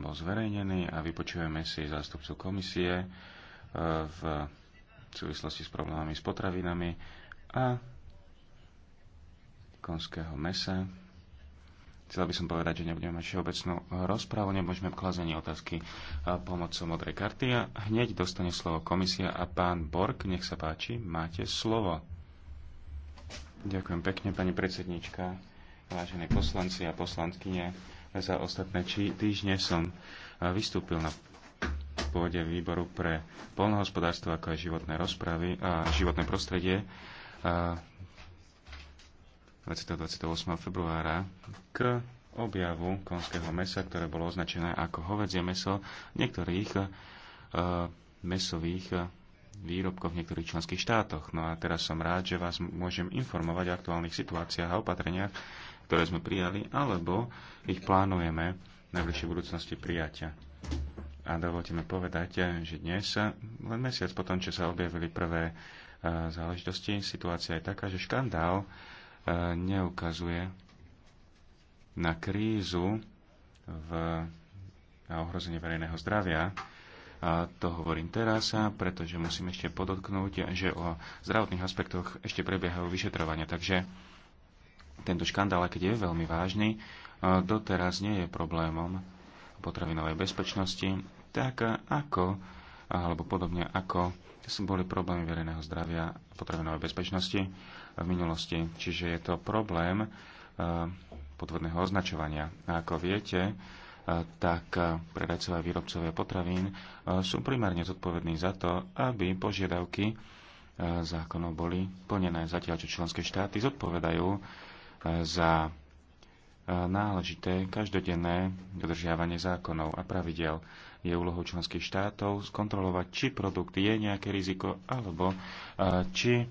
bol zverejnený a vypočujeme si zástupcu komisie e, v súvislosti s problémami s potravinami a konského mesa. Chcel by som povedať, že nebudeme mať všeobecnú rozprávu, nemôžeme klazenie otázky pomocou modrej karty. A hneď dostane slovo komisia a pán Borg, nech sa páči, máte slovo. Ďakujem pekne, pani predsednička, vážení poslanci a poslankyne za ostatné či týždne som vystúpil na pôde výboru pre polnohospodárstvo ako aj životné rozpravy a životné prostredie 28. februára k objavu konského mesa, ktoré bolo označené ako hovedzie meso v niektorých mesových výrobkov v niektorých členských štátoch. No a teraz som rád, že vás môžem informovať o aktuálnych situáciách a opatreniach, ktoré sme prijali, alebo ich plánujeme v najbližšej budúcnosti prijatia. A dovolte mi povedať, že dnes, len mesiac potom, čo sa objavili prvé e, záležitosti, situácia je taká, že škandál e, neukazuje na krízu v, na ohrozenie verejného zdravia. A to hovorím teraz, pretože musím ešte podotknúť, že o zdravotných aspektoch ešte prebiehajú vyšetrovania. Takže tento škandál, keď je veľmi vážny, e, doteraz nie je problémom potravinovej bezpečnosti, tak ako, alebo podobne ako sú boli problémy verejného zdravia a potravinovej bezpečnosti v minulosti. Čiže je to problém e, podvodného označovania. A ako viete, e, tak predajcovia a výrobcovia potravín sú primárne zodpovední za to, aby požiadavky zákonov boli plnené. Zatiaľ, čo členské štáty zodpovedajú za e, náležité každodenné dodržiavanie zákonov a pravidel. Je úlohou členských štátov skontrolovať, či produkt je nejaké riziko, alebo e, či e,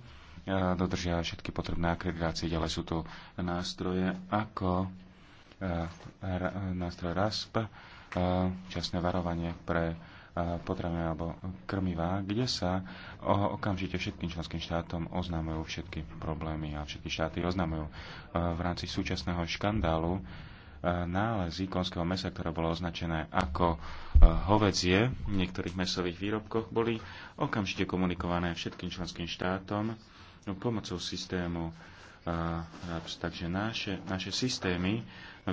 dodržiava všetky potrebné akreditácie. Ďalej sú tu nástroje ako nástroj RASP, časné varovanie pre potraviny alebo krmivá, kde sa okamžite všetkým členským štátom oznámujú všetky problémy a všetky štáty oznámujú e, v rámci súčasného škandálu e, nálezy konského mesa, ktoré bolo označené ako e, hovedzie v niektorých mesových výrobkoch, boli okamžite komunikované všetkým členským štátom no, pomocou systému Takže naše, naše systémy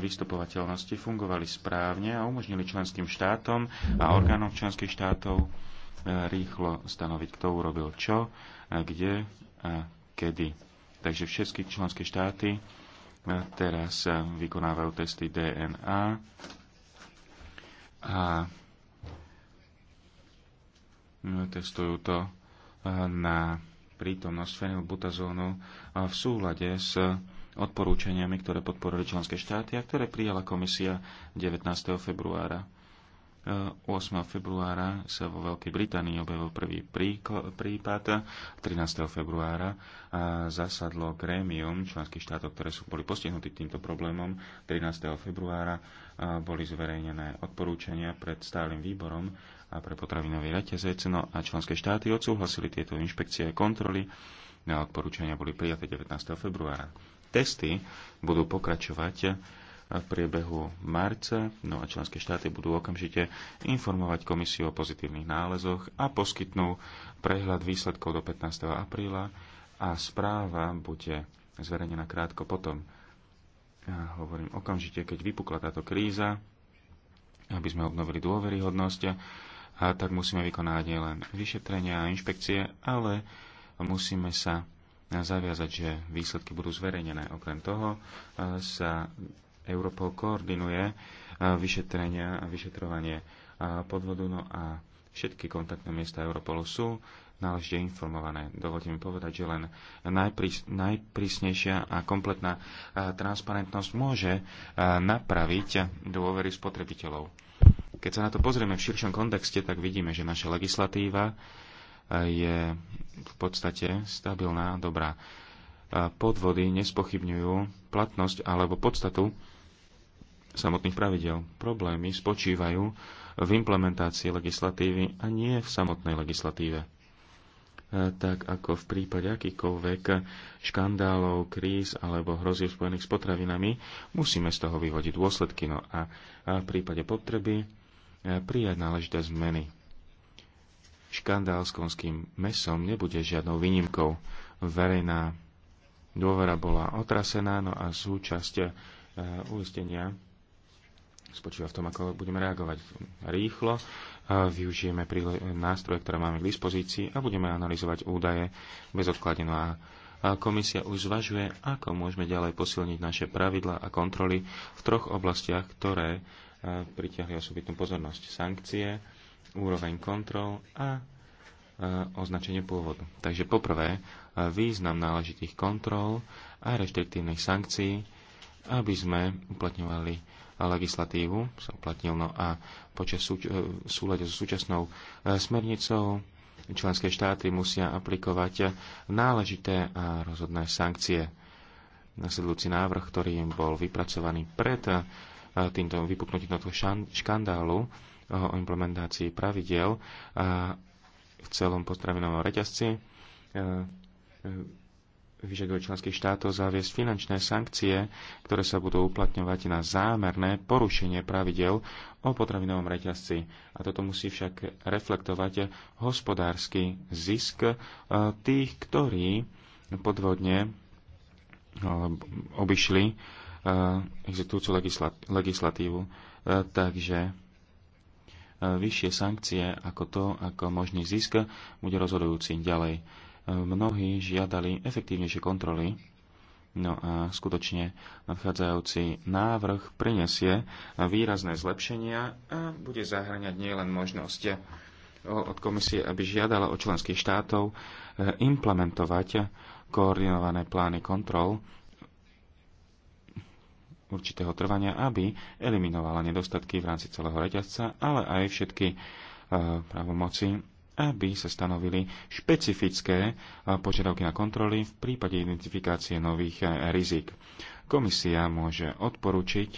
vystupovateľnosti fungovali správne a umožnili členským štátom a orgánom členských štátov e, rýchlo stanoviť, kto urobil čo, kde a kedy. Takže všetky členské štáty e, teraz e, vykonávajú testy DNA a no, testujú to na prítomnosť fenylbutazónu v súlade s odporúčaniami, ktoré podporili členské štáty a ktoré prijala komisia 19. februára. 8. E, februára sa vo Veľkej Británii objavil prvý prípad, 13. februára zasadlo grémium členských štátov, ktoré sú, boli postihnutí týmto problémom. 13. februára boli zverejnené odporúčania pred stálym výborom a pre potravinový reťazec, no a členské štáty odsúhlasili tieto inšpekcie a kontroly. Na odporúčania boli prijaté 19. februára testy budú pokračovať v priebehu marca, no a členské štáty budú okamžite informovať komisiu o pozitívnych nálezoch a poskytnú prehľad výsledkov do 15. apríla a správa bude zverejnená krátko potom. Ja hovorím okamžite, keď vypukla táto kríza, aby sme obnovili dôveryhodnosť, a tak musíme vykonávať nielen vyšetrenia a inšpekcie, ale musíme sa zaviazať, že výsledky budú zverejnené. Okrem toho e, sa Europol koordinuje e, vyšetrenia a vyšetrovanie e, podvodu, no a všetky kontaktné miesta Europolu sú náležite informované. Dovolte mi povedať, že len najprís, najprísnejšia a kompletná transparentnosť môže napraviť dôvery spotrebiteľov. Keď sa na to pozrieme v širšom kontexte, tak vidíme, že naša legislatíva je v podstate stabilná, dobrá. Podvody nespochybňujú platnosť alebo podstatu samotných pravidel. Problémy spočívajú v implementácii legislatívy a nie v samotnej legislatíve. E, tak ako v prípade akýchkoľvek škandálov, kríz alebo hrozieb spojených s potravinami, musíme z toho vyvodiť dôsledky. No a v prípade potreby e, prijať náležité zmeny. Škandál s konským mesom nebude žiadnou výnimkou. Verejná dôvera bola otrasená, no a súčasť e, uistenia spočíva v tom, ako budeme reagovať rýchlo, e, využijeme nástroje, ktoré máme k dispozícii a budeme analyzovať údaje bezodkladne. No a komisia už zvažuje, ako môžeme ďalej posilniť naše pravidla a kontroly v troch oblastiach, ktoré e, pritiahli osobitnú pozornosť. Sankcie, úroveň kontrol a e, označenie pôvodu. Takže poprvé, e, význam náležitých kontrol a reštriktívnych sankcií, aby sme uplatňovali legislatívu, sa no a počas súč- e, súľade so súčasnou smernicou členské štáty musia aplikovať náležité a rozhodné sankcie. Nasledujúci návrh, ktorý bol vypracovaný pred týmto vypuknutím tohto škandálu, o implementácii pravidel v celom potravinovom reťazci. E, e, vyžaduje členských štátov zaviesť finančné sankcie, ktoré sa budú uplatňovať na zámerné porušenie pravidel o potravinovom reťazci. A toto musí však reflektovať hospodársky zisk e, tých, ktorí podvodne obišli existujúcu legislatívu. Takže vyššie sankcie ako to, ako možný zisk, bude rozhodujúci ďalej. Mnohí žiadali efektívnejšie kontroly, no a skutočne nadchádzajúci návrh prinesie výrazné zlepšenia a bude zahraňať nielen možnosť od komisie, aby žiadala od členských štátov eh, implementovať koordinované plány kontrol určitého trvania, aby eliminovala nedostatky v rámci celého reťazca, ale aj všetky e, právomoci, aby sa stanovili špecifické e, požiadavky na kontroly v prípade identifikácie nových e, rizik. Komisia môže odporučiť,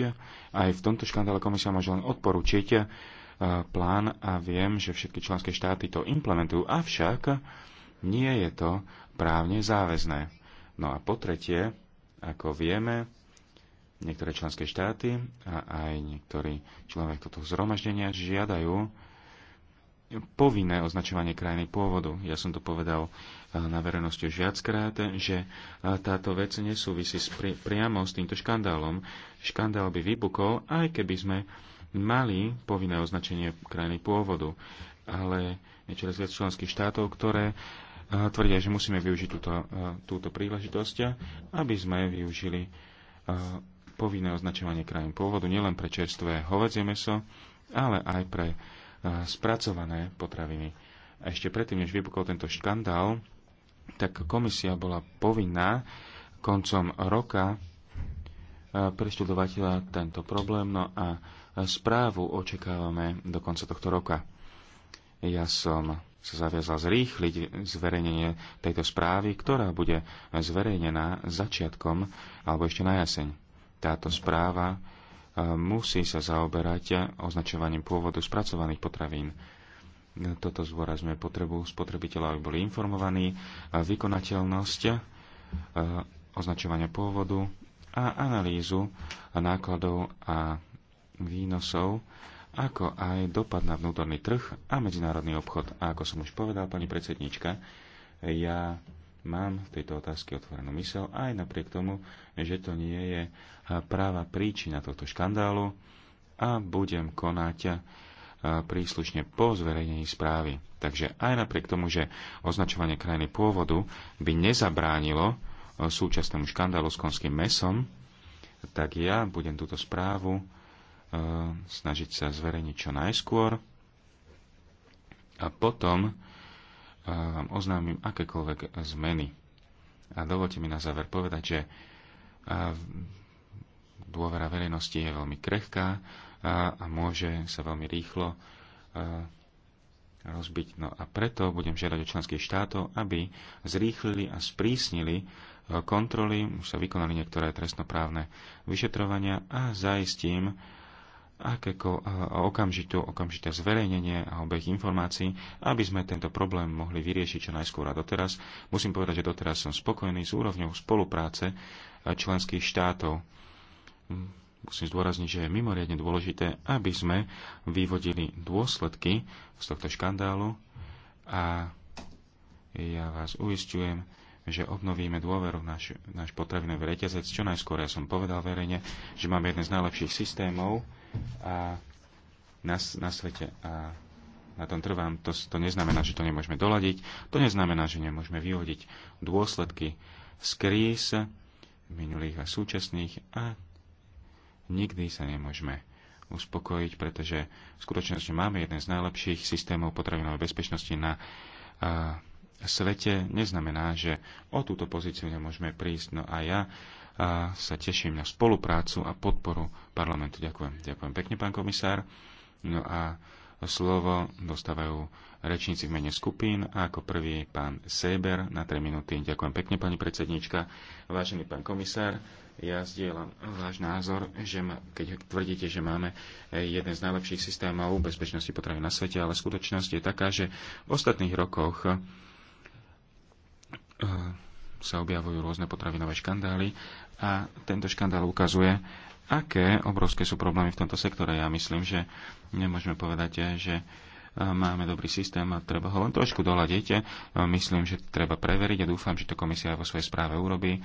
aj v tomto škandále komisia môže len odporučiť plán a viem, že všetky členské štáty to implementujú, avšak nie je to právne záväzné. No a po tretie, ako vieme, Niektoré členské štáty a aj niektorí členovia tohto zhromaždenia žiadajú povinné označovanie krajiny pôvodu. Ja som to povedal e, na verejnosti už viackrát, že e, táto vec nesúvisí pri, priamo s týmto škandálom. Škandál by vybukol, aj keby sme mali povinné označenie krajiny pôvodu. Ale je z viac členských štátov, ktoré e, tvrdia, že musíme využiť túto, túto príležitosť, aby sme využili povinné označovanie krajín pôvodu nielen pre čerstvé hovedzie meso, ale aj pre eh, spracované potraviny. A ešte predtým, než vypukol tento škandál, tak komisia bola povinná koncom roka eh, preštudovať eh, tento problém, no a správu očakávame do konca tohto roka. Ja som sa zaviazal zrýchliť zverejnenie tejto správy, ktorá bude zverejnená začiatkom alebo ešte na jeseň. Táto správa e, musí sa zaoberať označovaním pôvodu spracovaných potravín. Toto zvorazňuje potrebu spotrebiteľa, aby boli informovaní, vykonateľnosť e, označovania pôvodu a analýzu nákladov a výnosov, ako aj dopad na vnútorný trh a medzinárodný obchod. A ako som už povedal, pani predsednička, ja Mám v tejto otázke otvorenú mysel aj napriek tomu, že to nie je práva príčina tohto škandálu a budem konať príslušne po zverejnení správy. Takže aj napriek tomu, že označovanie krajiny pôvodu by nezabránilo súčasnému škandálu s konským mesom, tak ja budem túto správu snažiť sa zverejniť čo najskôr a potom vám oznámim akékoľvek zmeny. A dovolte mi na záver povedať, že dôvera verejnosti je veľmi krehká a môže sa veľmi rýchlo rozbiť. No a preto budem žiadať od členských štátov, aby zrýchlili a sprísnili kontroly, už sa vykonali niektoré trestnoprávne vyšetrovania a zaistím akéko, a okamžitú, okamžité zverejnenie a obeh informácií, aby sme tento problém mohli vyriešiť čo najskôr. A doteraz, musím povedať, že doteraz som spokojný s úrovňou spolupráce členských štátov. Musím zdôrazniť, že je mimoriadne dôležité, aby sme vyvodili dôsledky z tohto škandálu a ja vás uistujem, že obnovíme dôveru v náš, náš potravinový reťazec čo najskôr. Ja som povedal verejne, že máme jeden z najlepších systémov a na, na svete a na tom trvám. To, to neznamená, že to nemôžeme doladiť, to neznamená, že nemôžeme vyhodiť dôsledky z kríz minulých a súčasných a nikdy sa nemôžeme uspokojiť, pretože v skutočnosti máme jeden z najlepších systémov potravinovej bezpečnosti na svete neznamená, že o túto pozíciu nemôžeme prísť. No a ja a sa teším na spoluprácu a podporu parlamentu. Ďakujem. Ďakujem pekne, pán komisár. No a slovo dostávajú rečníci v mene skupín a ako prvý pán Seber na 3 minúty. Ďakujem pekne, pani predsednička. Vážený pán komisár, ja zdieľam váš názor, že ma, keď tvrdíte, že máme jeden z najlepších systémov bezpečnosti potravy na svete, ale skutočnosť je taká, že v ostatných rokoch sa objavujú rôzne potravinové škandály a tento škandál ukazuje, aké obrovské sú problémy v tomto sektore. Ja myslím, že nemôžeme povedať, že e, máme dobrý systém a treba ho len trošku doľadiť. E, myslím, že treba preveriť a dúfam, že to komisia aj vo svojej správe urobí. E,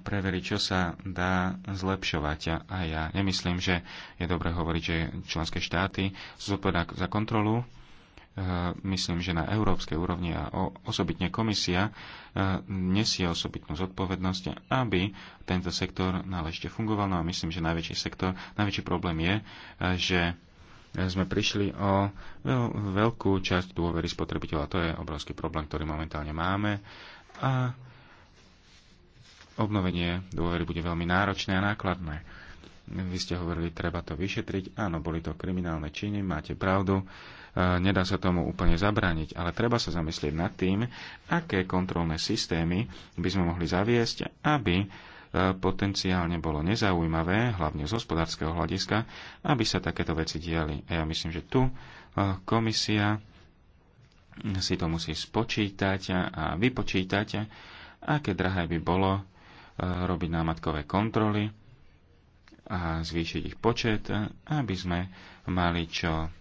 preveriť, čo sa dá zlepšovať. A ja nemyslím, že je dobré hovoriť, že členské štáty sú za kontrolu Eh, myslím, že na európskej úrovni a osobitne komisia eh, nesie osobitnú zodpovednosť, aby tento sektor náležite fungoval. No a myslím, že najväčší sektor, najväčší problém je, eh, že sme prišli o veľkú časť dôvery spotrebiteľa. To je obrovský problém, ktorý momentálne máme. A obnovenie dôvery bude veľmi náročné a nákladné. Vy ste hovorili, treba to vyšetriť. Áno, boli to kriminálne činy, máte pravdu nedá sa tomu úplne zabrániť, ale treba sa zamyslieť nad tým, aké kontrolné systémy by sme mohli zaviesť, aby e, potenciálne bolo nezaujímavé, hlavne z hospodárskeho hľadiska, aby sa takéto veci diali. A ja myslím, že tu e, komisia si to musí spočítať a vypočítať, aké drahé by bolo e, robiť námatkové kontroly a zvýšiť ich počet, aby sme mali čo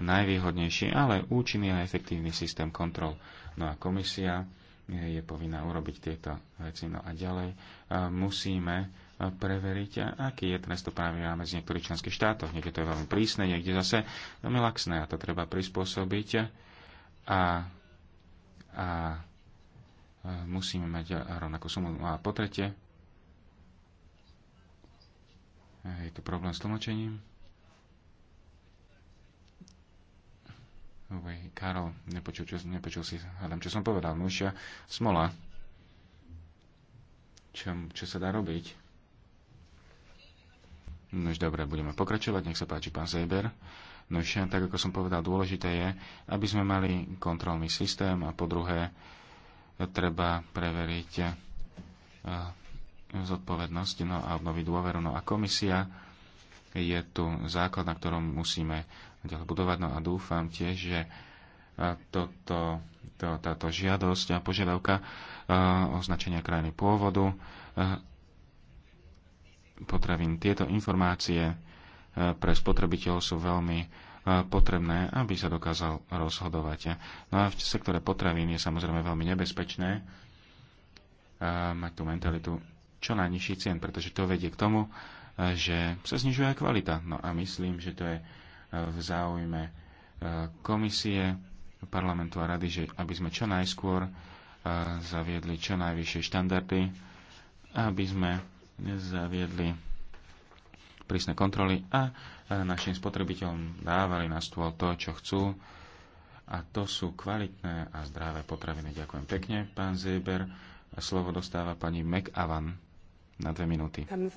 najvýhodnejší, ale účinný a efektívny systém kontrol. No a komisia je povinná urobiť tieto veci. No a ďalej e, musíme e, preveriť, aký je trestoprávny rámec v niektorých členských štátoch. Niekde to je veľmi prísne, niekde zase veľmi laxné a to treba prispôsobiť. A, a e, musíme mať rovnakú sumu. No a po tretie, je tu problém s tlmočením. Hovorí, Karol, nepočul, čo, nepočul si, hádam, čo som povedal. Nušia, smola. Čo, čo sa dá robiť? No už dobre, budeme pokračovať. Nech sa páči, pán Zeber. No tak, ako som povedal, dôležité je, aby sme mali kontrolný systém a po druhé, treba preveriť eh, zodpovednosť no a obnoviť dôveru. No a komisia je tu základ, na ktorom musíme ďalej budovať. No a dúfam tiež, že e, toto, to, táto žiadosť a požiadavka e, označenia krajiny pôvodu e, potravín. Tieto informácie pre spotrebiteľov sú veľmi potrebné, aby sa dokázal rozhodovať. No a v sektore potravín je samozrejme veľmi nebezpečné mať tú mentalitu čo najnižší cien, pretože to vedie k tomu, že sa znižuje kvalita. No a myslím, že to je e, v záujme e, komisie, parlamentu a rady, že aby sme čo najskôr e, zaviedli čo najvyššie štandardy, aby sme zaviedli prísne kontroly a našim spotrebiteľom dávali na stôl to, čo chcú. A to sú kvalitné a zdravé potraviny. Ďakujem pekne, pán Zeber. Slovo dostáva pani McAvan na dve minúty. Um,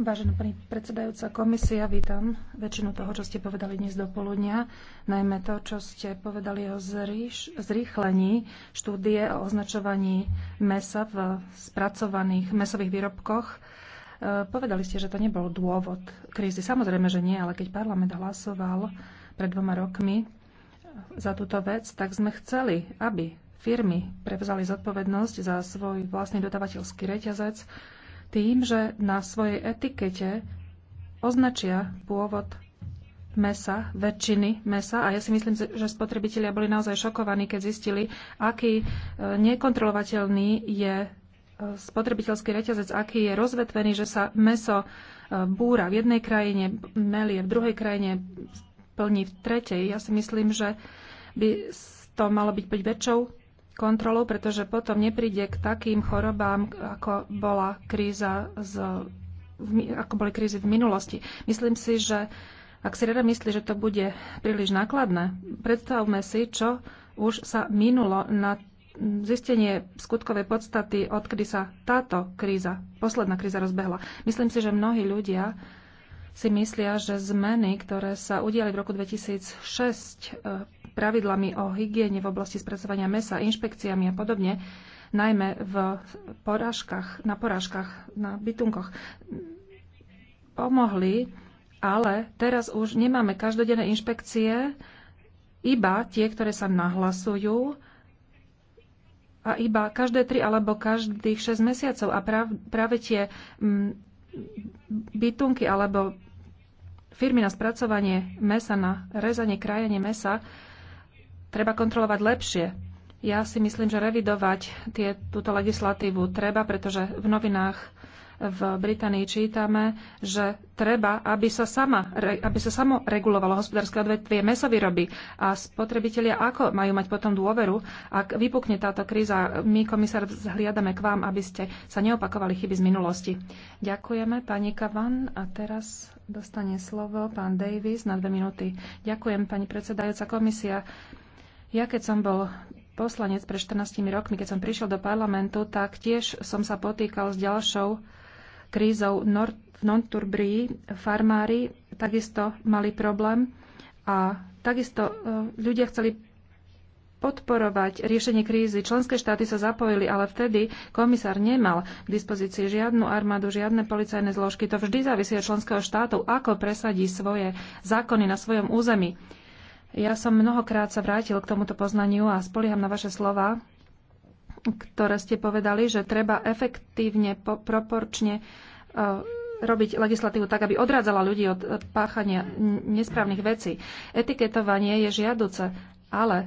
Vážená pani predsedajúca komisia, vítam väčšinu toho, čo ste povedali dnes do poludnia, najmä to, čo ste povedali o zrýchlení štúdie o označovaní mesa v spracovaných mesových výrobkoch. E, povedali ste, že to nebol dôvod krízy. Samozrejme, že nie, ale keď parlament hlasoval pred dvoma rokmi za túto vec, tak sme chceli, aby firmy prevzali zodpovednosť za svoj vlastný dodavateľský reťazec tým, že na svojej etikete označia pôvod mesa, väčšiny mesa. A ja si myslím, že spotrebitelia boli naozaj šokovaní, keď zistili, aký e, nekontrolovateľný je e, spotrebiteľský reťazec, aký je rozvetvený, že sa meso e, búra v jednej krajine, melie v druhej krajine, plní v tretej. Ja si myslím, že by to malo byť byť väčšou kontrolou, pretože potom nepríde k takým chorobám, ako bola kríza z, ako boli krízy v minulosti. Myslím si, že ak si rada myslí, že to bude príliš nákladné, predstavme si, čo už sa minulo na zistenie skutkovej podstaty, odkedy sa táto kríza, posledná kríza rozbehla. Myslím si, že mnohí ľudia si myslia, že zmeny, ktoré sa udiali v roku 2006, pravidlami o hygiene v oblasti spracovania mesa, inšpekciami a podobne, najmä v porážkach, na porážkach, na bytunkoch, pomohli, ale teraz už nemáme každodenné inšpekcie, iba tie, ktoré sa nahlasujú a iba každé tri alebo každých 6 mesiacov. A práve tie mm, bytunky alebo firmy na spracovanie mesa, na rezanie, krajanie mesa treba kontrolovať lepšie. Ja si myslím, že revidovať tie, túto legislatívu treba, pretože v novinách v Británii čítame, že treba, aby sa, sama, aby sa samo regulovalo hospodárske odvetvie mesovýroby a spotrebitelia ako majú mať potom dôveru, ak vypukne táto kríza. My, komisár, zhliadame k vám, aby ste sa neopakovali chyby z minulosti. Ďakujeme, pani Kavan. A teraz dostane slovo pán Davis na dve minúty. Ďakujem, pani predsedajúca komisia ja keď som bol poslanec pred 14 rokmi, keď som prišiel do parlamentu, tak tiež som sa potýkal s ďalšou krízou v Nonturbrii. Farmári takisto mali problém a takisto e, ľudia chceli podporovať riešenie krízy. Členské štáty sa zapojili, ale vtedy komisár nemal k dispozícii žiadnu armádu, žiadne policajné zložky. To vždy závisí od členského štátu, ako presadí svoje zákony na svojom území. Ja som mnohokrát sa vrátil k tomuto poznaniu a spolieham na vaše slova, ktoré ste povedali, že treba efektívne, po, proporčne e, robiť legislatívu tak, aby odrádzala ľudí od e, páchania nesprávnych vecí. Etiketovanie je žiaduce, ale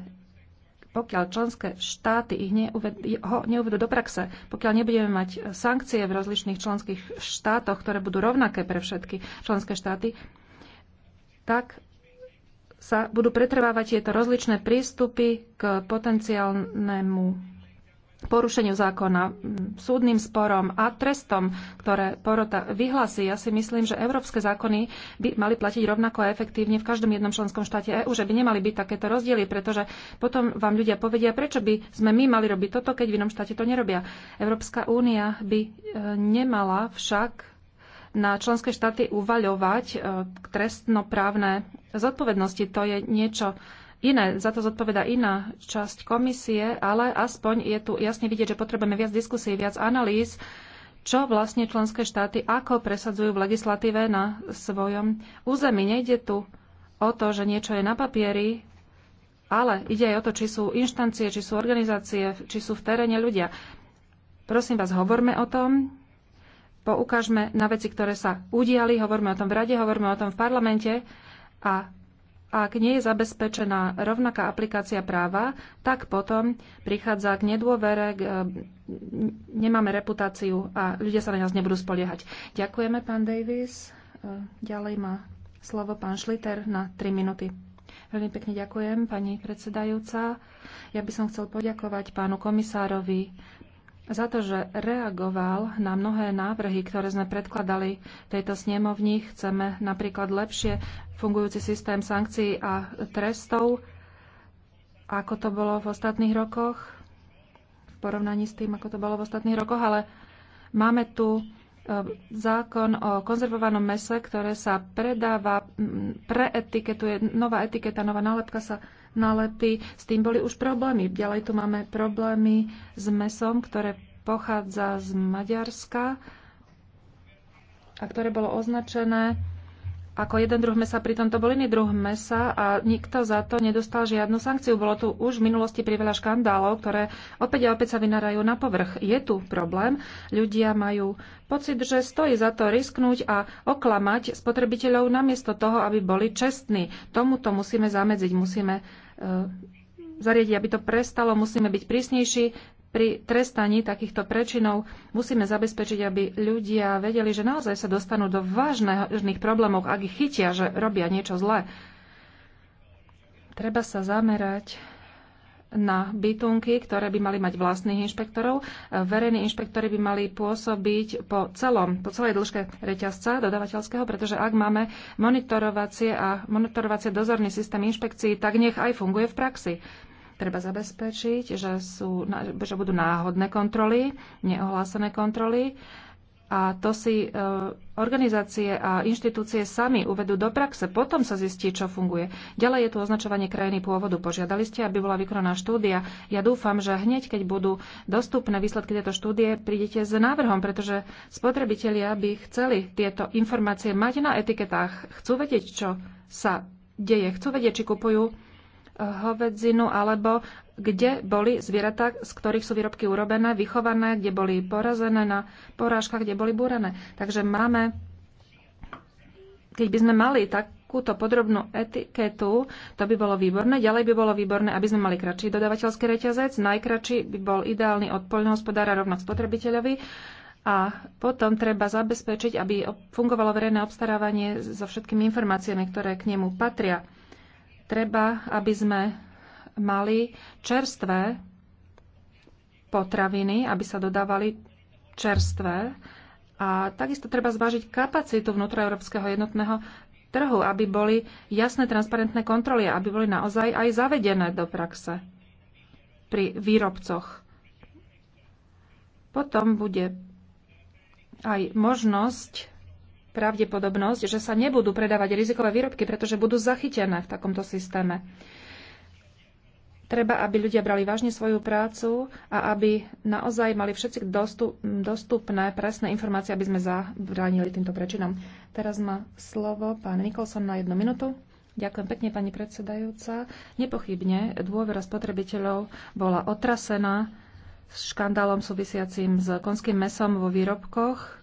pokiaľ členské štáty ich neuved- ho neuvedú do praxe, pokiaľ nebudeme mať sankcie v rozličných členských štátoch, ktoré budú rovnaké pre všetky členské štáty, tak sa budú pretrvávať tieto rozličné prístupy k potenciálnemu porušeniu zákona, súdnym sporom a trestom, ktoré porota vyhlasí. Ja si myslím, že európske zákony by mali platiť rovnako a efektívne v každom jednom členskom štáte EÚ, že by nemali byť takéto rozdiely, pretože potom vám ľudia povedia, prečo by sme my mali robiť toto, keď v inom štáte to nerobia. Európska únia by e, nemala však na členské štáty uvaľovať e, trestnoprávne zodpovednosti. To je niečo iné, za to zodpoveda iná časť komisie, ale aspoň je tu jasne vidieť, že potrebujeme viac diskusí, viac analýz, čo vlastne členské štáty ako presadzujú v legislatíve na svojom území. Nejde tu o to, že niečo je na papieri, ale ide aj o to, či sú inštancie, či sú organizácie, či sú v teréne ľudia. Prosím vás, hovorme o tom, poukážme na veci, ktoré sa udiali, hovoríme o tom v rade, hovoríme o tom v parlamente a ak nie je zabezpečená rovnaká aplikácia práva, tak potom prichádza k nedôvere, k, e, nemáme reputáciu a ľudia sa na nás nebudú spoliehať. Ďakujeme, pán Davis. E, ďalej má slovo pán Šliter na 3 minúty. Veľmi pekne ďakujem, pani predsedajúca. Ja by som chcel poďakovať pánu komisárovi, za to, že reagoval na mnohé návrhy, ktoré sme predkladali tejto snemovni. Chceme napríklad lepšie fungujúci systém sankcií a trestov, ako to bolo v ostatných rokoch, v porovnaní s tým, ako to bolo v ostatných rokoch, ale máme tu e, zákon o konzervovanom mese, ktoré sa predáva, preetiketuje, nová etiketa, nová nálepka sa nalepy. S tým boli už problémy. Ďalej tu máme problémy s mesom, ktoré pochádza z Maďarska a ktoré bolo označené ako jeden druh mesa, pritom to bol iný druh mesa a nikto za to nedostal žiadnu sankciu. Bolo tu už v minulosti priveľa škandálov, ktoré opäť a opäť sa vynárajú na povrch. Je tu problém. Ľudia majú pocit, že stojí za to risknúť a oklamať spotrebiteľov namiesto toho, aby boli čestní. Tomuto musíme zamedziť, musíme E, zariadiť, aby to prestalo. Musíme byť prísnejší pri trestaní takýchto prečinov. Musíme zabezpečiť, aby ľudia vedeli, že naozaj sa dostanú do vážnych problémov, ak ich chytia, že robia niečo zlé. Treba sa zamerať na bytunky, ktoré by mali mať vlastných inšpektorov. Verejní inšpektory by mali pôsobiť po celom, po celej dĺžke reťazca dodavateľského, pretože ak máme monitorovacie a monitorovacie dozorný systém inšpekcií, tak nech aj funguje v praxi. Treba zabezpečiť, že, sú, že budú náhodné kontroly, neohlásené kontroly a to si e, organizácie a inštitúcie sami uvedú do praxe, potom sa zistí, čo funguje. Ďalej je tu označovanie krajiny pôvodu. Požiadali ste, aby bola vykonaná štúdia. Ja dúfam, že hneď, keď budú dostupné výsledky tejto štúdie, prídete s návrhom, pretože spotrebitelia by chceli tieto informácie mať na etiketách. Chcú vedieť, čo sa deje. Chcú vedieť, či kupujú e, hovedzinu alebo kde boli zvieratá, z ktorých sú výrobky urobené, vychované, kde boli porazené na porážkach, kde boli búrané. Takže máme, keď by sme mali takúto podrobnú etiketu, to by bolo výborné. Ďalej by bolo výborné, aby sme mali kratší dodavateľský reťazec. Najkračší by bol ideálny od poľnohospodára rovno spotrebiteľovi. A potom treba zabezpečiť, aby fungovalo verejné obstarávanie so všetkými informáciami, ktoré k nemu patria. Treba, aby sme mali čerstvé potraviny, aby sa dodávali čerstvé. A takisto treba zvážiť kapacitu vnútroeurópskeho jednotného trhu, aby boli jasné, transparentné kontroly, aby boli naozaj aj zavedené do praxe pri výrobcoch. Potom bude aj možnosť pravdepodobnosť, že sa nebudú predávať rizikové výrobky, pretože budú zachytené v takomto systéme. Treba, aby ľudia brali vážne svoju prácu a aby naozaj mali všetci dostup, dostupné presné informácie, aby sme zabránili týmto prečinom. Teraz má slovo pán Nikolson na jednu minútu. Ďakujem pekne, pani predsedajúca. Nepochybne dôvera spotrebiteľov bola otrasená škandálom súvisiacím s konským mesom vo výrobkoch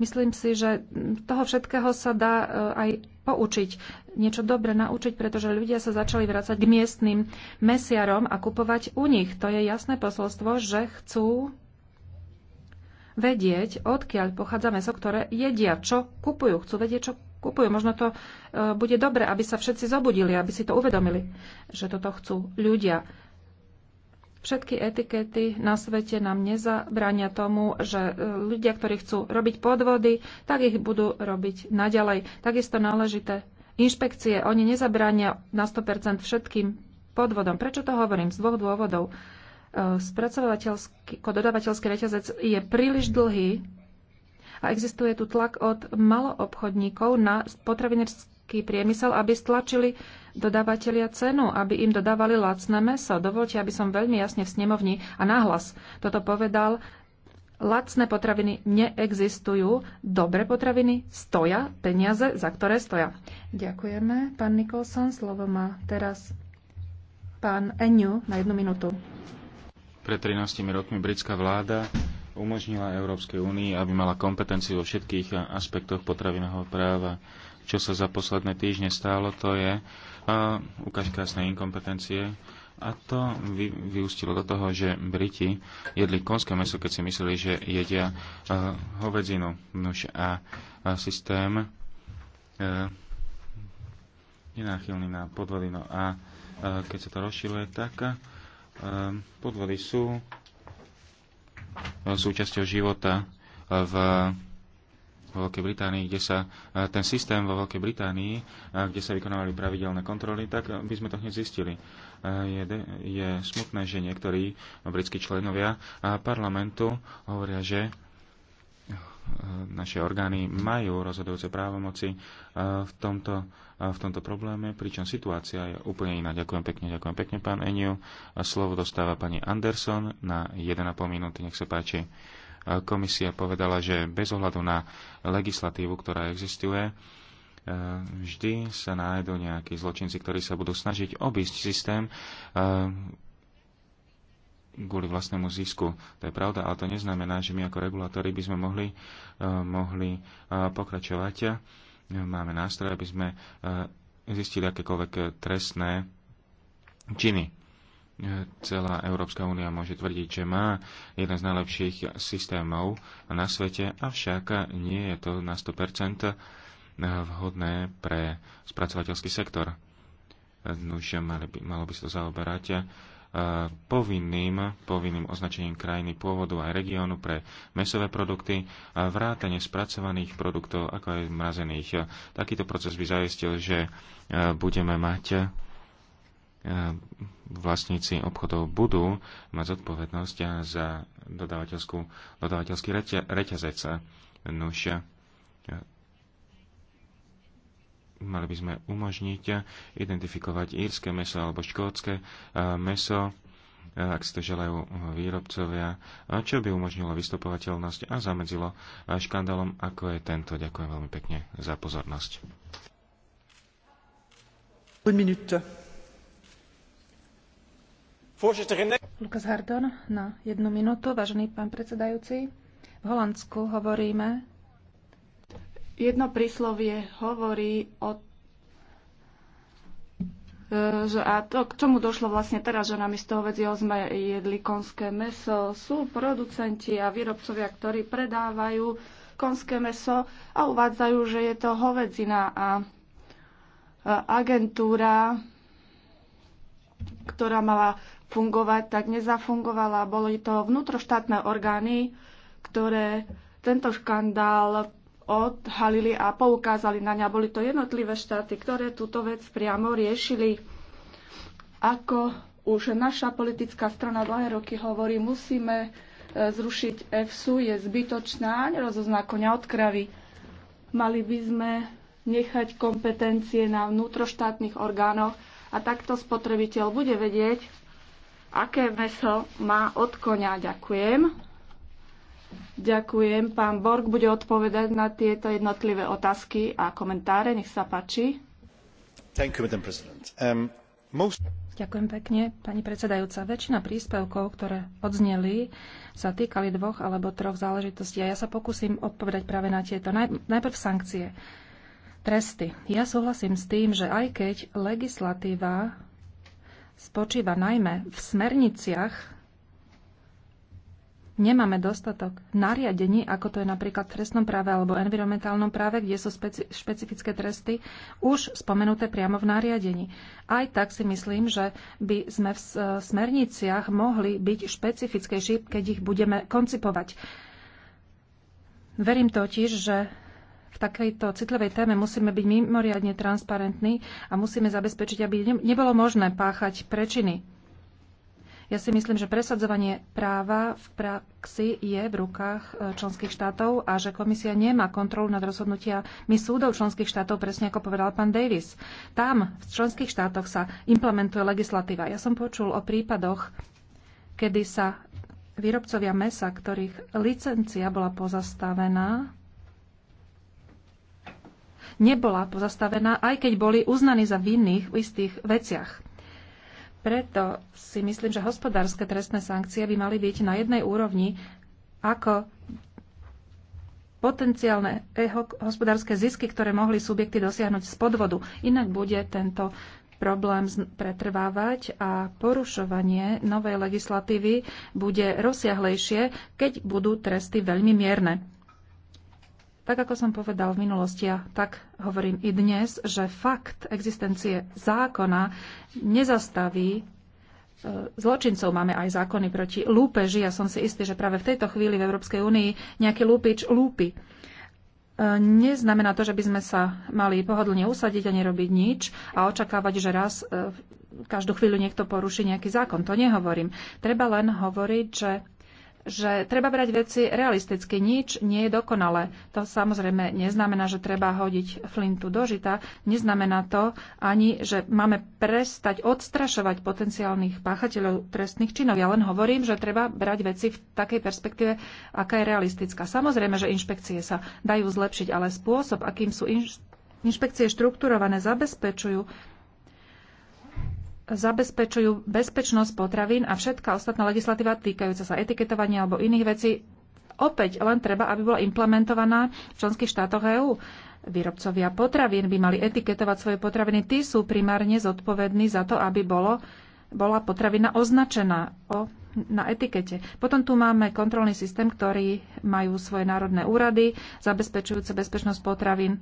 Myslím si, že toho všetkého sa dá e, aj poučiť, niečo dobre naučiť, pretože ľudia sa začali vrácať k miestnym mesiarom a kupovať u nich. To je jasné posolstvo, že chcú vedieť, odkiaľ pochádza meso, ktoré jedia, čo kupujú. Chcú vedieť, čo kupujú. Možno to e, bude dobre, aby sa všetci zobudili, aby si to uvedomili, že toto chcú ľudia. Všetky etikety na svete nám nezabrania tomu, že e, ľudia, ktorí chcú robiť podvody, tak ich budú robiť naďalej. Takisto náležité inšpekcie, oni nezabránia na 100% všetkým podvodom. Prečo to hovorím? Z dvoch dôvodov. E, spracovateľský, dodavateľský reťazec je príliš dlhý a existuje tu tlak od maloobchodníkov na potravinársky priemysel, aby stlačili dodávateľia cenu, aby im dodávali lacné meso. Dovolte, aby som veľmi jasne v snemovni a náhlas toto povedal. Lacné potraviny neexistujú, dobré potraviny stoja peniaze, za ktoré stoja. Ďakujeme, pán Nikolson. Slovo má teraz pán Eňu na jednu minútu. Pred 13 rokmi britská vláda umožnila Európskej únii, aby mala kompetenciu vo všetkých aspektoch potravinového práva. Čo sa za posledné týždne stálo, to je uh, ukážka jasnej inkompetencie. A to vy, vyústilo do toho, že Briti jedli konské meso, keď si mysleli, že jedia uh, hovedzinu. Nož a, a systém uh, je náchylný na podvody. No a uh, keď sa to rozšiluje, tak uh, podvody sú súčasťou života v Veľkej Británii, kde sa eh, ten systém vo Veľkej Británii, eh, kde sa vykonávali pravidelné kontroly, tak eh, by sme to hneď zistili. Je, je smutné, že niektorí britskí členovia parlamentu hovoria, že naše orgány majú rozhodujúce právomoci e, v tomto, e, v tomto probléme, pričom situácia je úplne iná. Ďakujem pekne, ďakujem pekne, pán Eniu. Slovo dostáva pani Anderson na 1,5 minúty, nech sa páči. E, komisia povedala, že bez ohľadu na legislatívu, ktorá existuje, vždy sa nájdú nejakí zločinci, ktorí sa budú snažiť obísť systém kvôli vlastnému zisku. To je pravda, ale to neznamená, že my ako regulátori by sme mohli, eh, mohli eh, pokračovať. Máme nástroje, aby sme eh, zistili akékoľvek trestné činy. Celá Európska únia môže tvrdiť, že má jeden z najlepších systémov na svete, avšak nie je to na 100% vhodné pre spracovateľský sektor. Už malo by, malo by sa to zaoberať Eh, povinným, povinným označením krajiny pôvodu aj regiónu pre mesové produkty, a vrátane spracovaných produktov, ako aj mrazených. Takýto proces by zaistil, že eh, budeme mať eh, vlastníci obchodov budú mať zodpovednosť za dodávateľský reťazec. Nuž, mali by sme umožniť identifikovať írske meso alebo škótske e, meso, e, ak si to želajú výrobcovia, čo by umožnilo vystupovateľnosť a zamedzilo e, škandálom, ako je tento. Ďakujem veľmi pekne za pozornosť. Lukas Hardon na jednu minútu, vážený pán predsedajúci. V Holandsku hovoríme Jedno príslovie hovorí o e, že a to, k čomu došlo vlastne teraz, že namiesto hovedzieho sme jedli konské meso. Sú producenti a výrobcovia, ktorí predávajú konské meso a uvádzajú, že je to hovedzina a agentúra, ktorá mala fungovať, tak nezafungovala. Boli to vnútroštátne orgány, ktoré tento škandál odhalili a poukázali na ňa. Boli to jednotlivé štáty, ktoré túto vec priamo riešili. Ako už naša politická strana dlhé roky hovorí, musíme e, zrušiť EFSU, je zbytočná, nerozozná konia od kravy. Mali by sme nechať kompetencie na vnútroštátnych orgánoch a takto spotrebiteľ bude vedieť, aké meso má od konia. Ďakujem. Ďakujem. Pán Borg bude odpovedať na tieto jednotlivé otázky a komentáre. Nech sa páči. You, um, most... Ďakujem pekne, pani predsedajúca. Väčšina príspevkov, ktoré odzneli, sa týkali dvoch alebo troch záležitostí a ja sa pokúsim odpovedať práve na tieto. Naj, najprv sankcie. Tresty. Ja súhlasím s tým, že aj keď legislatíva spočíva najmä v smerniciach nemáme dostatok nariadení, ako to je napríklad v trestnom práve alebo environmentálnom práve, kde sú špeci- špecifické tresty, už spomenuté priamo v nariadení. Aj tak si myslím, že by sme v smerniciach mohli byť špecifickejší, keď ich budeme koncipovať. Verím totiž, že v takejto citlivej téme musíme byť mimoriadne transparentní a musíme zabezpečiť, aby nebolo možné páchať prečiny ja si myslím, že presadzovanie práva v praxi je v rukách e, členských štátov a že komisia nemá kontrolu nad rozhodnutiami súdov členských štátov, presne ako povedal pán Davis. Tam, v členských štátoch sa implementuje legislatíva. Ja som počul o prípadoch, kedy sa výrobcovia mesa, ktorých licencia bola pozastavená, nebola pozastavená, aj keď boli uznaní za vinných v istých veciach. Preto si myslím, že hospodárske trestné sankcie by mali byť na jednej úrovni ako potenciálne hospodárske zisky, ktoré mohli subjekty dosiahnuť z podvodu. Inak bude tento problém pretrvávať a porušovanie novej legislatívy bude rozsiahlejšie, keď budú tresty veľmi mierne. Tak ako som povedal v minulosti a tak hovorím i dnes, že fakt existencie zákona nezastaví e, zločincov. Máme aj zákony proti lúpeži. Ja som si istý, že práve v tejto chvíli v Európskej únii nejaký lúpič lúpi. E, neznamená to, že by sme sa mali pohodlne usadiť a nerobiť nič a očakávať, že raz e, každú chvíľu niekto poruší nejaký zákon. To nehovorím. Treba len hovoriť, že že treba brať veci realisticky. Nič nie je dokonalé. To samozrejme neznamená, že treba hodiť flintu do žita. Neznamená to ani, že máme prestať odstrašovať potenciálnych páchateľov trestných činov. Ja len hovorím, že treba brať veci v takej perspektíve, aká je realistická. Samozrejme, že inšpekcie sa dajú zlepšiť, ale spôsob, akým sú inš- inšpekcie štrukturované, zabezpečujú zabezpečujú bezpečnosť potravín a všetká ostatná legislatíva týkajúca sa etiketovania alebo iných vecí opäť len treba, aby bola implementovaná v členských štátoch EÚ. Výrobcovia potravín by mali etiketovať svoje potraviny. Tí sú primárne zodpovední za to, aby bolo, bola potravina označená o, na etikete. Potom tu máme kontrolný systém, ktorý majú svoje národné úrady, zabezpečujúce bezpečnosť potravín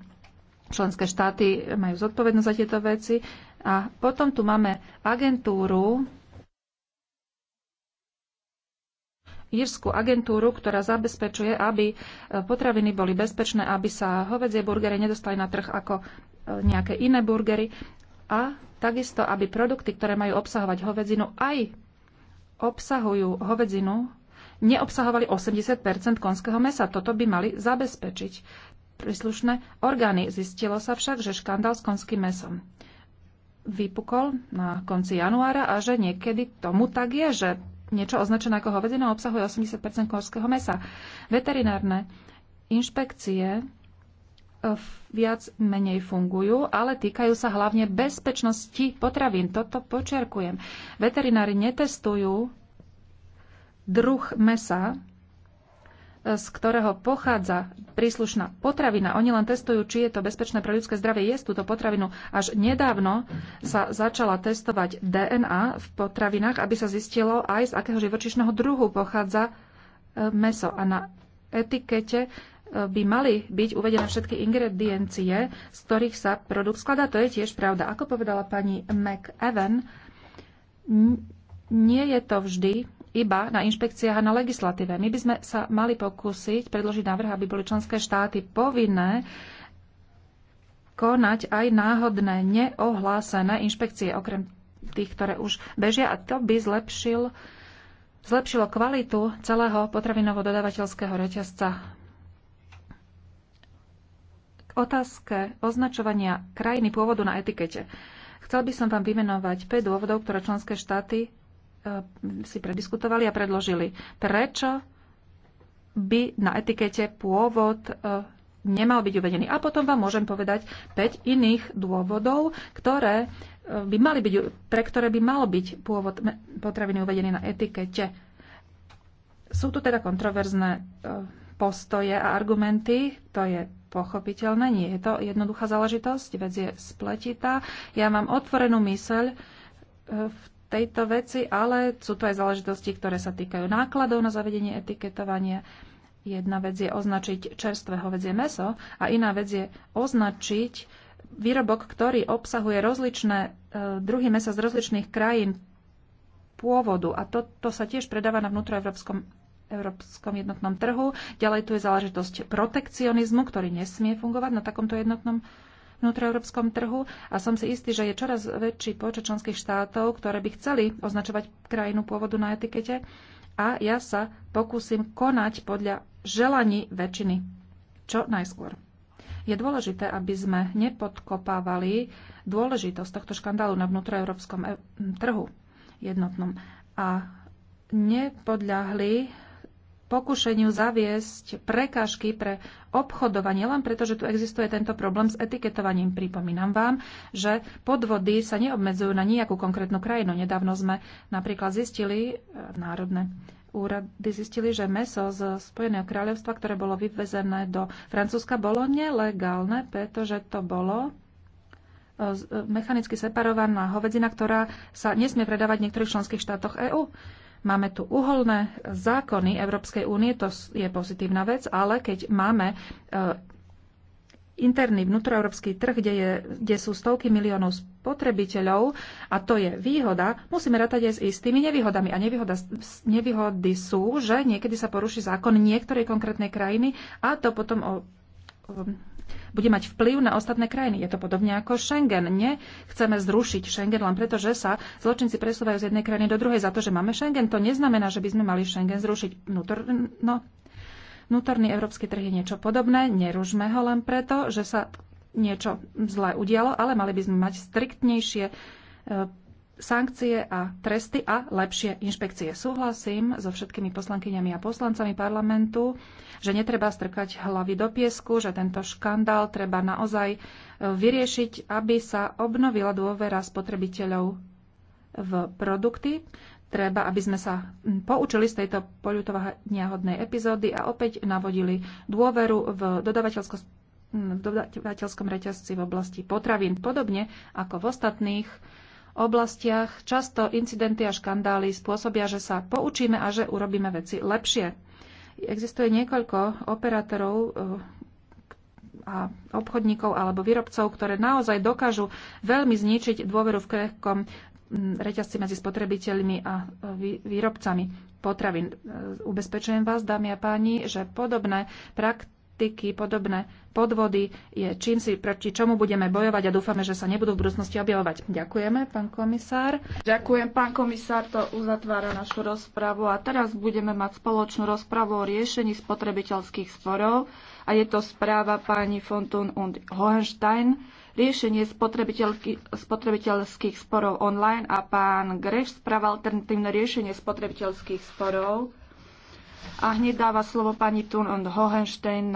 Členské štáty majú zodpovednosť za tieto veci. A potom tu máme agentúru, írskú agentúru, ktorá zabezpečuje, aby e, potraviny boli bezpečné, aby sa hovedzie burgery nedostali na trh ako e, nejaké iné burgery a takisto, aby produkty, ktoré majú obsahovať hovedzinu, aj obsahujú hovedzinu, neobsahovali 80 konského mesa. Toto by mali zabezpečiť príslušné orgány. Zistilo sa však, že škandál s konským mesom vypukol na konci januára a že niekedy tomu tak je, že niečo označené ako hovedina obsahuje 80 konského mesa. Veterinárne inšpekcie eh, viac menej fungujú, ale týkajú sa hlavne bezpečnosti potravín. Toto počiarkujem. Veterinári netestujú druh mesa, z ktorého pochádza príslušná potravina. Oni len testujú, či je to bezpečné pre ľudské zdravie jesť túto potravinu. Až nedávno sa začala testovať DNA v potravinách, aby sa zistilo aj z akého živočišného druhu pochádza e, meso. A na etikete e, by mali byť uvedené všetky ingrediencie, z ktorých sa produkt skladá. To je tiež pravda. Ako povedala pani McEwen, nie je to vždy iba na inšpekciách a na legislatíve. My by sme sa mali pokúsiť predložiť návrh, aby boli členské štáty povinné konať aj náhodné, neohlásené inšpekcie, okrem tých, ktoré už bežia. A to by zlepšil, zlepšilo kvalitu celého potravinovo-dodavateľského reťazca otázke označovania krajiny pôvodu na etikete. Chcel by som vám vymenovať 5 dôvodov, ktoré členské štáty E, si prediskutovali a predložili. Prečo by na etikete pôvod e, nemal byť uvedený. A potom vám môžem povedať 5 iných dôvodov, ktoré e, by mali byť, pre ktoré by mal byť pôvod potraviny uvedený na etikete. Sú tu teda kontroverzné postoje a argumenty, to je pochopiteľné, nie je to jednoduchá záležitosť, vec je spletitá. Ja mám otvorenú myseľ v tejto veci, ale sú to aj záležitosti, ktoré sa týkajú nákladov na zavedenie etiketovania. Jedna vec je označiť čerstvé hovedzie meso a iná vec je označiť výrobok, ktorý obsahuje rozličné e, druhy mesa z rozličných krajín pôvodu. A to, to sa tiež predáva na vnútroevropskom európskom jednotnom trhu. Ďalej tu je záležitosť protekcionizmu, ktorý nesmie fungovať na takomto jednotnom trhu vnútroeurópskom trhu a som si istý, že je čoraz väčší počet členských štátov, ktoré by chceli označovať krajinu pôvodu na etikete a ja sa pokúsim konať podľa želaní väčšiny. Čo najskôr. Je dôležité, aby sme nepodkopávali dôležitosť tohto škandálu na vnútroeurópskom e, trhu jednotnom a nepodľahli pokušeniu zaviesť prekážky pre obchodovanie, len preto, že tu existuje tento problém s etiketovaním. Pripomínam vám, že podvody sa neobmedzujú na nejakú konkrétnu krajinu. Nedávno sme napríklad zistili, e, národné úrady zistili, že meso z Spojeného kráľovstva, ktoré bolo vyvezené do Francúzska, bolo nelegálne, pretože to bolo e, e, mechanicky separovaná hovedzina, ktorá sa nesmie predávať v niektorých členských štátoch EÚ. Máme tu uholné zákony Európskej únie, to je pozitívna vec, ale keď máme e, interný vnútroeurópsky trh, kde, je, kde sú stovky miliónov spotrebiteľov, a to je výhoda, musíme ratať aj s istými nevýhodami. A nevýhoda, nevýhody sú, že niekedy sa poruší zákon niektorej konkrétnej krajiny a to potom o, bude mať vplyv na ostatné krajiny. Je to podobne ako Schengen. Nie. Chceme zrušiť Schengen len preto, že sa zločinci presúvajú z jednej krajiny do druhej za to, že máme Schengen. To neznamená, že by sme mali Schengen zrušiť. Vnútor, no, vnútorný európsky trh je niečo podobné. Neružme ho len preto, že sa niečo zlé udialo, ale mali by sme mať striktnejšie e, sankcie a tresty a lepšie inšpekcie. Súhlasím so všetkými poslankyňami a poslancami parlamentu, že netreba strkať hlavy do piesku, že tento škandál treba naozaj e, vyriešiť, aby sa obnovila dôvera spotrebiteľov v produkty. Treba, aby sme sa poučili z tejto poľutovaniahodnej epizódy a opäť navodili dôveru v dodavateľskom reťazci v oblasti potravín, podobne ako v ostatných oblastiach často incidenty a škandály spôsobia, že sa poučíme a že urobíme veci lepšie. Existuje niekoľko operátorov eh, a obchodníkov alebo výrobcov, ktoré naozaj dokážu veľmi zničiť dôveru v krehkom hm, reťazci medzi spotrebiteľmi a eh, výrobcami potravín. Eh, ubezpečujem vás, dámy a páni, že podobné praktiky praktiky, podobné podvody je čím si proti čomu budeme bojovať a dúfame, že sa nebudú v budúcnosti objavovať. Ďakujeme, pán komisár. Ďakujem, pán komisár, to uzatvára našu rozpravu a teraz budeme mať spoločnú rozpravu o riešení spotrebiteľských sporov a je to správa pani Fontun und Hohenstein riešenie spotrebiteľských sporov online a pán Greš správa alternatívne riešenie spotrebiteľských sporov. A hneď dáva slovo pani Thun und Hohenstein